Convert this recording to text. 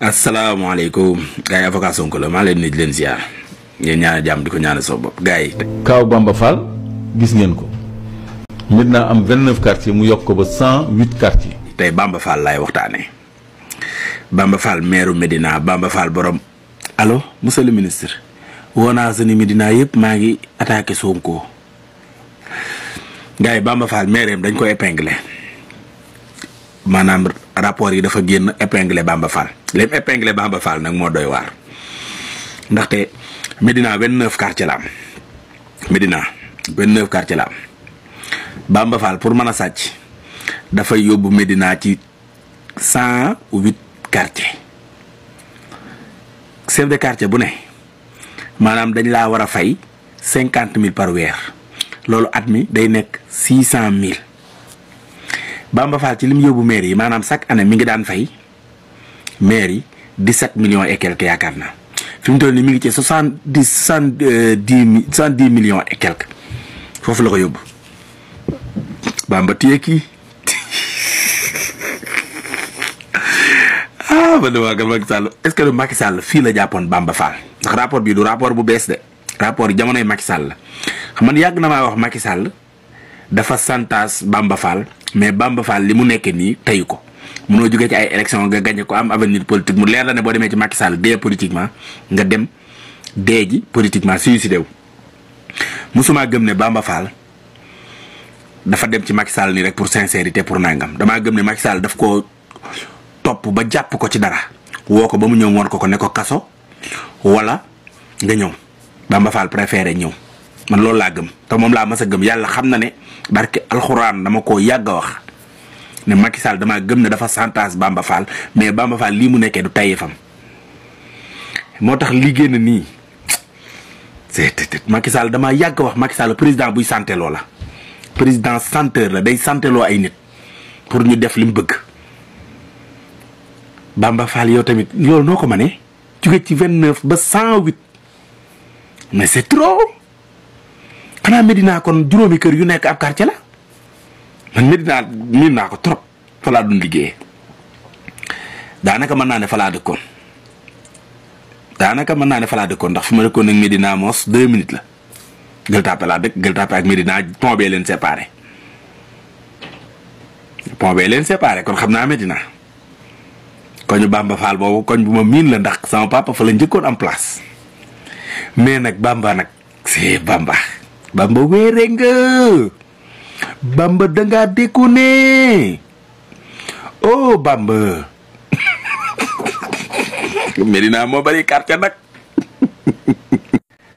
asalaamaaleykum gars yi avocat Sonko la maa leen nuyu di leen ziar ngeen ñaanal jàmm di ko ñaanal sa bopp yi. Kaaw Bamba gis ngeen ko. maintenant am 29 mu yokk ko ba 108 quartiers. tey Bamba Fall laay waxtaanee Bamba Fall maire Medina Bamba Fall borom allo monsieur ministre woo naa sëni Medina yëpp maa ngi attaqué Sonko. gars yi Bamba Fall dañ ko épinglé maanaam rapport yi dafa génn épinglé Bamba Fall leen épinglé Bamba Fall nag moo doy waar ndaxte Médina 29 quartier la am Médina 29 quartier la am Bamba pour mën a sàcc dafay yóbbu Médina ci 108 quartier chef de quartier bu ne maanaam dañ laa war a fay cinquante mille par weer loolu at mi day nekk six cent mille Bamba faal ci lim yóbbu maire yi maanaam chaque année mi ngi daan fay maire yi 17 millions et quelques yaakaar naa fi mu toll nii mi ngi ci soixante dix soixante dix million e quelques foofu la ko yóbbu Bamba téye kii ah man de waa kër Macky Sall est Sall fii la jàppoon Bamba Fall ndax rapport du rapport bu bees rapport jamonoy Macky Sall la xam man yàgg na maa wax Macky Sall dafa santaas Bamba mais Bamba Fall li mu nekkee nii teyu ko munoo jógee ci ay élection nga gagné ko am avenir politique mu leer la ne boo demee ci Macky Sall dee politiquement nga dem dee ji politiquement si wu. musuma gëm ne Bamba dafa dem ci Macky Sall nii rek pour sincérité pour nangam damaa gëm ne Macky Sall daf ko topp ba jàpp ko ci dara woo ko ba mu ñëw woon ko ko ne ko kaso wala nga ñëw Bamba Fall préféré ñëw. man loolu laa gëm te moom laa mas a gëm yàlla xam na ne barke alxuraan dama koo yàgg a wax ne Macky Sall damaa gëm ne dafa santaas Bamba Fall mais Bamba lii mu nekkee du fam moo tax liggéey génn nii c'est Macky Sall damaa yàgg wax Macky président buy santeloo la président santeur la day santeloo ay nit pour ñu def li mu bëgg Bamba yow tamit loolu noo ko ma ne jóge ci vingt neuf ba cent huit mais c'est trop xanaa Medina kon juróomi kër yu nekk ab quartier la man Medina miin naa ko trop fa laa doon daanaka mën naa ne fa laa dëkkoon daanaka mën naa ne fa dëkkoon ndax fi ma dëkkoon nag Medina moos deux minutes la Gueule Tapée laa dëkk Gueule Tapée ak Medina pont bee leen séparé pont leen séparé kon xam naa Medina koñu Bamba Fall boobu koñ bu ma miin la ndax sama papa fa la njëkkoon am place mais nag Bamba nag c'est Bamba. bamba wéere nga bamba dangaa dékku ne oh bamba Medina moo bari quartier nag